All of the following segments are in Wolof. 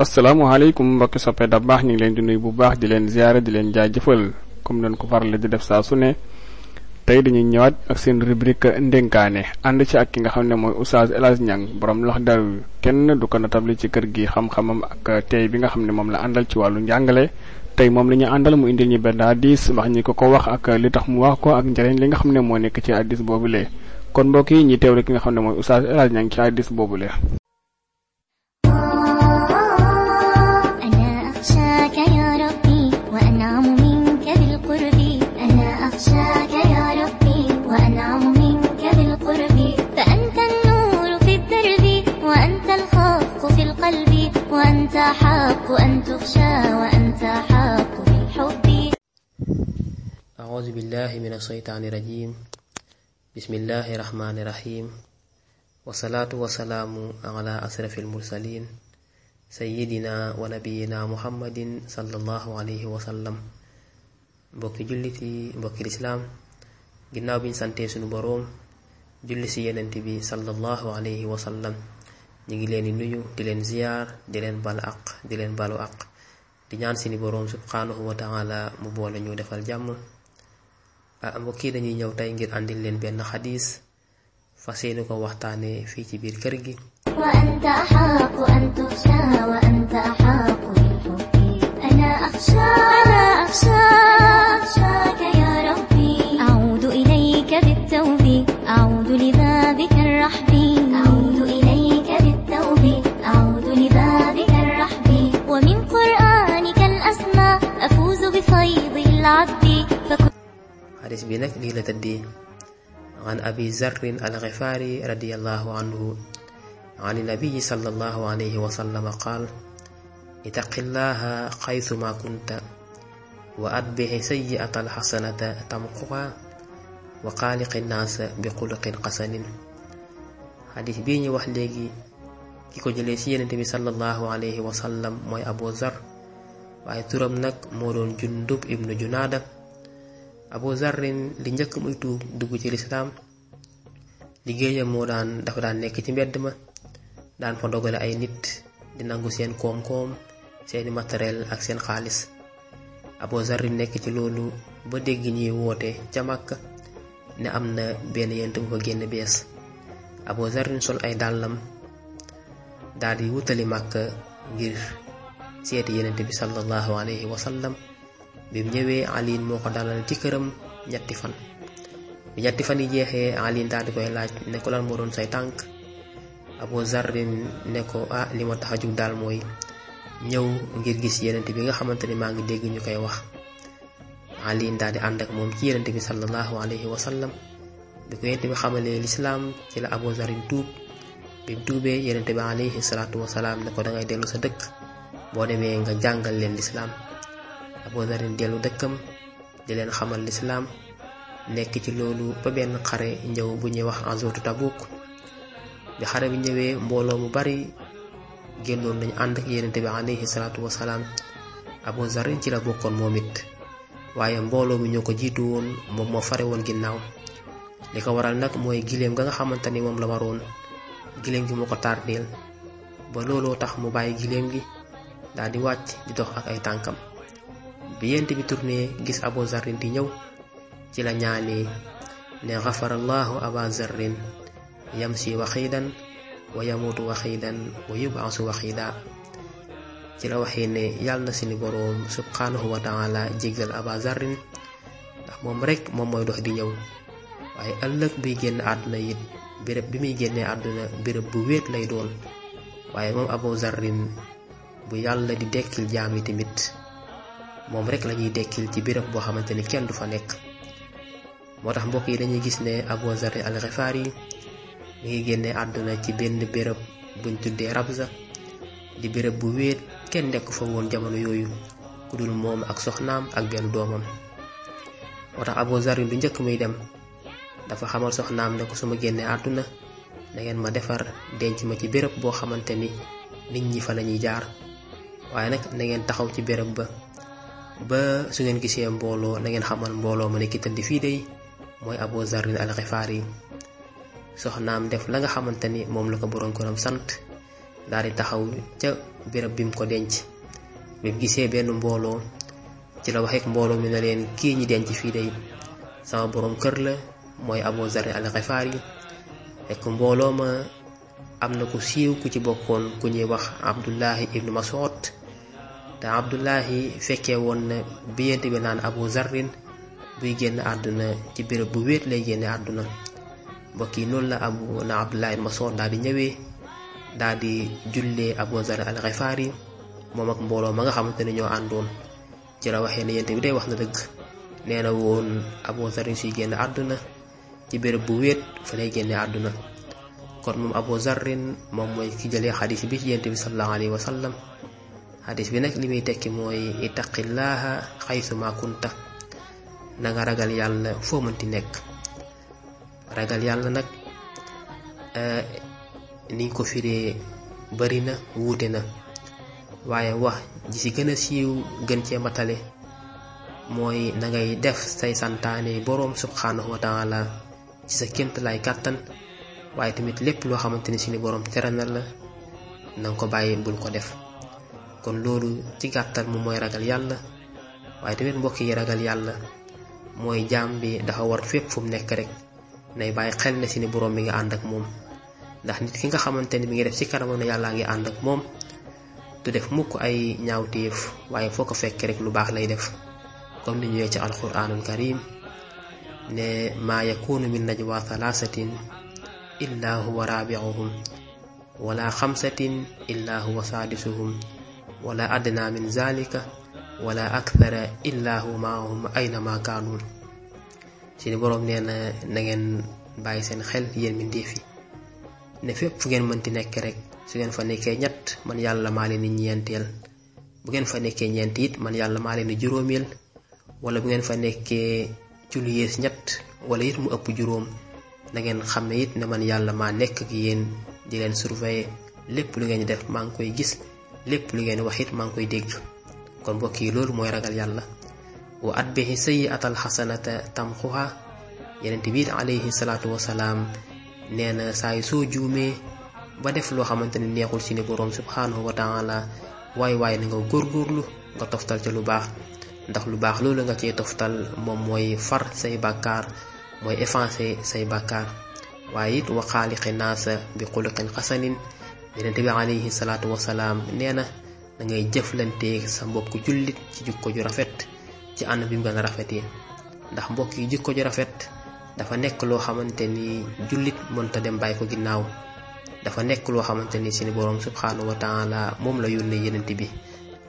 asalaamaaleykum mbokki soppe da baax ñu ngi leen di nuyu bu baax di leen ziare di leen jaajëfal comme nañ ko farale di def saa su ne tey dañuy ñëwaat ak seen rubrique ndénkaane ànd ci ak ki nga xam ne mooy Oustaz El Hadj Niang borom lox daw kenn du ko natable ci kër gi xam-xamam ak tey bi nga xam ne moom la àndal ci wàllu njàngale tey moom la ñu àndal mu indil ñu benn hadis wax ñi ko ko wax ak li tax mu wax ko ak njëriñ li nga xam ne moo nekk ci hadis boobu lee kon mbokk yi ñi teew ki nga xam ne mooy Oustaz El Hadj Niang ci hadis boobu حق أن تخشى وأنت حق في الحب أعوذ بالله من الشيطان الرجيم بسم الله الرحمن الرحيم والصلاة والسلام على أشرف المرسلين سيدنا ونبينا محمد صلى الله عليه وسلم mbokki jullit yi mbokki lislaam ginnaaw biñ santee sunu boroom julli ci yenent bi sallallahu alayhi wa sallam ñu ngi leen di nuyu di leen ziyaar di leen bal aq di leen balu aq di ñaan seeni boroom subxaanahu wa taala mu boole ñu defal jàmm mbokk yi dañuy ñëw tey ngir àndil leen benn xadiis fas yéene ko waxtaane fii ci biir kër gi wa bi nag lii la tëddee an abi zarrin alxifaari radiallahu anhu an nabiyi sallallahu alayhi wa sallam qaal ittaqillaha xaytuma kunta wa atbixi sayi'ata alxasanata tamquha wa xaaliqi naasa bi xuluqin xasanin xadis bii ñu wax léegi ki ko jëlee ci yenente bi sallallahu alayhi wa mooy abu zar waaye turam nag moo doon jundub ibnu junaada aboo zarrin li njëkk muy dugg ci lislaam liggéeyam moo daan dafa daan nekk ci mbedd ma daan fa dogale ay nit di nangu seen koom-koom seeni materiel ak seen xaalis abu zarrin nekk ci loolu ba dégg ñuy woote ca màkka ne am na benn yent bu fa génn bees abu zarrin sol ay dàllam daal di wutali màkka ngir seeti yenent bi sallallahu alayhi wa bi mu ñëwee Alioune moo ko dalal ci këram ñetti fan bi ñetti fan yi jeexee Alioune daal di koy laaj ne ko lan moo doon say tànk Abu Zar bi ne ko ah li ma tax a jug daal mooy ñëw ngir gis yenent bi nga xamante ni maa ngi dégg ñu koy wax Alioune daal di ànd ak moom ci yenent bi sallallahu alayhi wa sallam bi ko yenent bi xamalee lislaam ci la Abu Zar tuub bi mu tuubee yenent bi alayhi salaatu wa salaam ne ko dangay dellu sa dëkk boo demee nga jàngal leen lislaam Abu Darin dellu dëkkam di leen xamal lislaam nekk ci loolu ba benn xare njëw bu ñuy wax azootu Tabuk bi xare bi ñëwee mbooloo mu bari génnoon nañu ànd ak yenente bi alayhi salaatu wasalaam Abu Zarin ci la bokkoon moom it waaye mbooloo mi ñoo ko jiitu woon moom moo fare woon ginnaaw li ko waral nag mooy giléem ga nga xamante ni moom la waroon giléem gi moo ko tardeel ba looloo tax mu bàyyi giléem gi daal di wàcc di dox ak ay tànkam bi yent bi tourné gis abu zarrin di ñëw ci la ñaanee ne xafarallahu aba zarrin yamsi waxiidan wa yamuutu waxiidan wa yubaasu waxiida ci la waxee ne yàlla na suñu boroom subxaanahu wa taala jéggal aba zarrin ndax moom rekk moom mooy dox di ñëw waaye ëllëg buy génn àdduna it béréb bi muy génnee àdduna béréb bu wéet lay doon waaye moom abu zarrin bu yàlla di dekkil jaam yi tamit moom rek lañuy ñuy dekkil ci béréb boo xamante ni kenn du fa nekk moo tax mbokk yi dañuy gis ne aboo Zarr al-Ghifari yi mi ngi génne àdduna ci benn béréb buñ tuddee Rabza di béréb bu wéet kenn nekk fa woon jamono yooyu ku dul moom ak soxnaam ak benn doomam moo tax aboo Zarr lu njëkk muy dem dafa xamal soxnaam ne ko suma génnee àdduna na ngeen ma defar denc ma ci béréb boo xamante ni nit ñi fa lañuy jaar waaye nag na ngeen taxaw ci béréb ba ba su ngeen gisee mbooloo na ngeen xamal mbooloo ma ne ki tëdd fii dey mooy Abu Zarrin al-Xifaari yi soxnaam def la nga xamante ni moom la ko boroom këram sant daal di taxaw ca béréb bi mu ko denc bi mu gisee benn mbooloo ci la waxeek mbooloo mi ne leen kii ñi denc fii dey sama boroom kër la mooy Abu Zarrin al yi fekk mbooloo ma am na ku siiw ku ci bokkoon ku ñuy wax Abdullahi ma soot te abdullahi fekkee woon na bi yent bi naan abu zarrin buy génn àdduna ci béréb bu wéet lay génne àdduna mbokk yi noonu la abu na abdullahi masoon daal di ñëwee daal di jullee abu zarrin al xifaari moom ak mbooloo ma nga xamante ne ñoo àndoon ci la waxee ne yent bi day wax na dëgg nee na woon abu zarrin suy génn àdduna ci béréb bu wéet fa lay génne àdduna kon moom abu zarrin moom mooy ki jëlee xadiis bi ci yent bi sallallahu alayhi wa xadis bi nag li muy tekki mooy ittaqillaaha xaysuma kunta na nga ragal yàlla foo mënti nekk ragal yàlla nag eh, niñ ko firee bari na wuute na waaye wax ji ci gën a siiw gën cee matale mooy na def say santaane boroom subxanahu wa taala ci sa kéemtalaay kàttan waaye tamit lépp loo xamante ni si ni boroom tere na la na ko bàyyi bul ko def. kon loolu ci gàttal moom mooy ragal yàlla waaye tamit mbokk yi ragal yàlla mooy jaam bi dafa war fépp fu nekk rek nay bàyyi xel ne si ni borom mi nga ànd ak moom ndax nit ki nga xamante ni mi ngi def ci kanamam ne yàllaa ngi ànd ak moom du def mukk ay ñaawteef waaye foo ko fekk rek lu baax lay def comme ni ñëwee ci alquranul karim ne maa yakunu min waa thalathatin illa huwa rabi'uhum wala xamsatin illa huwa saadisuhum wala adna min zalika wala akthara illa ma maahum ayna ma kaanu suñu boroom nee na ngeen bàyyi seen xel yéen mi ndéef yi ne fépp fu ngeen mënti nekk rek su ngeen fa nekkee ñett man yàlla maa leen ñeenteel bu ngeen fa nekkee ñeent it man yàlla maa di juróomeel wala bu ngeen fa nekkee ci ñett wala it mu ëpp juróom na ngeen xam ne it ne man yàlla maa nekk ak yéen di leen lépp lu ngeen def maa ngi koy gis lépp lu ngeen wax it maa ngi koy dégg kon mbokk yi loolu mooy ragal yàlla wa atbixi sayiata alxasanata tamxuha yeneen bi it alayhi salaatu wasalaam nee na saa yu soo juumee ba def loo xamante ne neexul ci ni boroom subhaanahu wa taala waay waay na góor góorlu nga toftal ca lu baax ndax lu baax loolu nga cee toftal moom mooy far say bàkkaar mooy effacer say bàkkaar waaye it wa xaaliqi bi xuluqin xasanin yonent bi alayhi salaatu wasalaam nee na da ngay jëflanteeg sa mbokk jullit ci jikko ju rafet ci ànd bi mu gën a rafetee ndax mbokk yi jikko ju rafet dafa nekk loo xamante ni jullit mënta dem bàyyi ko ginnaaw dafa nekk loo xamante ni suñu borom subxanahu wa taala moom la yónnee yonent bi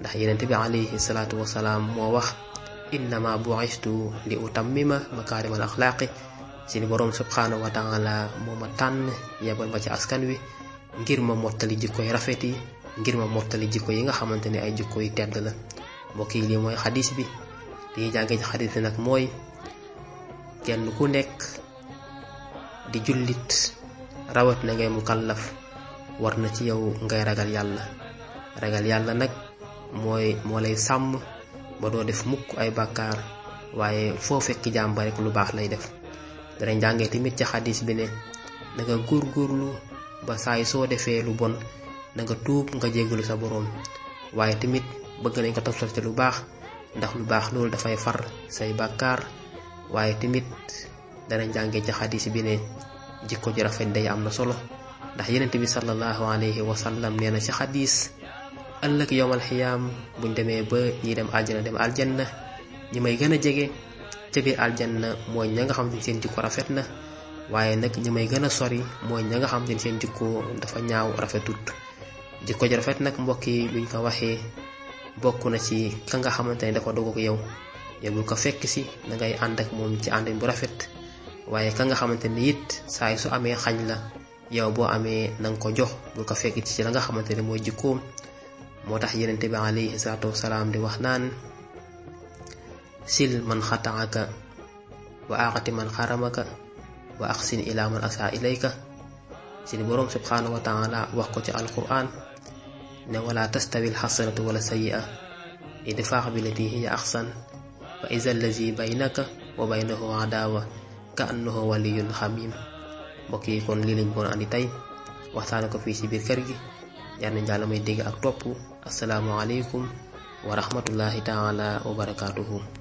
ndax yonent bi alayhi salaatu moo wax innama bu'istu li utammima makaarimal axlaaqi suñu borom subxanahu wa taala moo ma tànn yebal ma ci askan wi. ngir ma mottali jikko yu rafet yi ngir ma mottali jikko yi nga xamante ne ay jikko yu tedd la mbokk yi lii mooy xadis bi lii jàngee ci xadis bi nag mooy kenn ku nekk di jullit rawat na ngay mukallaf war na ci yow ngay ragal yàlla ragal yàlla nag moo lay sàmm doo def mukk ay bàkkaar waaye foo fekk lu baax lay def ba saay soo defee lu bon na nga tuub nga jéggalu sa boroom waaye tamit bëgg nañ ko toftal ci lu baax ndax lu baax loolu dafay far say bàkkaar waaye tamit danañ jàngee ci xadis bi ne jikko ju rafet day am na solo ndax yenent bi sallallahu alayhi wa sallam nee na ci xadis ëllëg yowmal xiyaam buñ demee ba ñi dem aljanna dem aljan aljanna ñi may gën a jege ca biir aljanna mooy ña nga xam ne seen jikko rafet na waaye nag ñi may gën a sori mooy ña nga xam ne seen jikko dafa ñaaw rafetut jikko ji rafet nag mbokk yi buñ ko waxee bokk na ci ka nga xamante ne dafa dogoog yow yow ko fekk si da ngay ànd ak moom ci àndin bu rafet waaye ka nga xamante ni it su amee xañ la yow boo amee na ko jox bul ko fekk ci la nga xamante ne mooy jikkoom moo tax yenente bi alayhi salaatu wasalaam di wax naan sil man xataaka wa aaqati man xaramaka wa axsin ila man asa ilayka suñu boroom subxanahu wa taala wax ko ci alquran ne wala tastawi alxasanatu wala sayia idfaax billati hiya axsan fa iza allazi baynaka wa baynahu adaawa ka annahu waliyun xamim mbokk yi kon lii lañ boon andi tey waxtaane ko fii ci biir kër gi yal nañ daal may dégg ak topp asalaamualeykum wa rahmatullahi taala wa barakaatuhu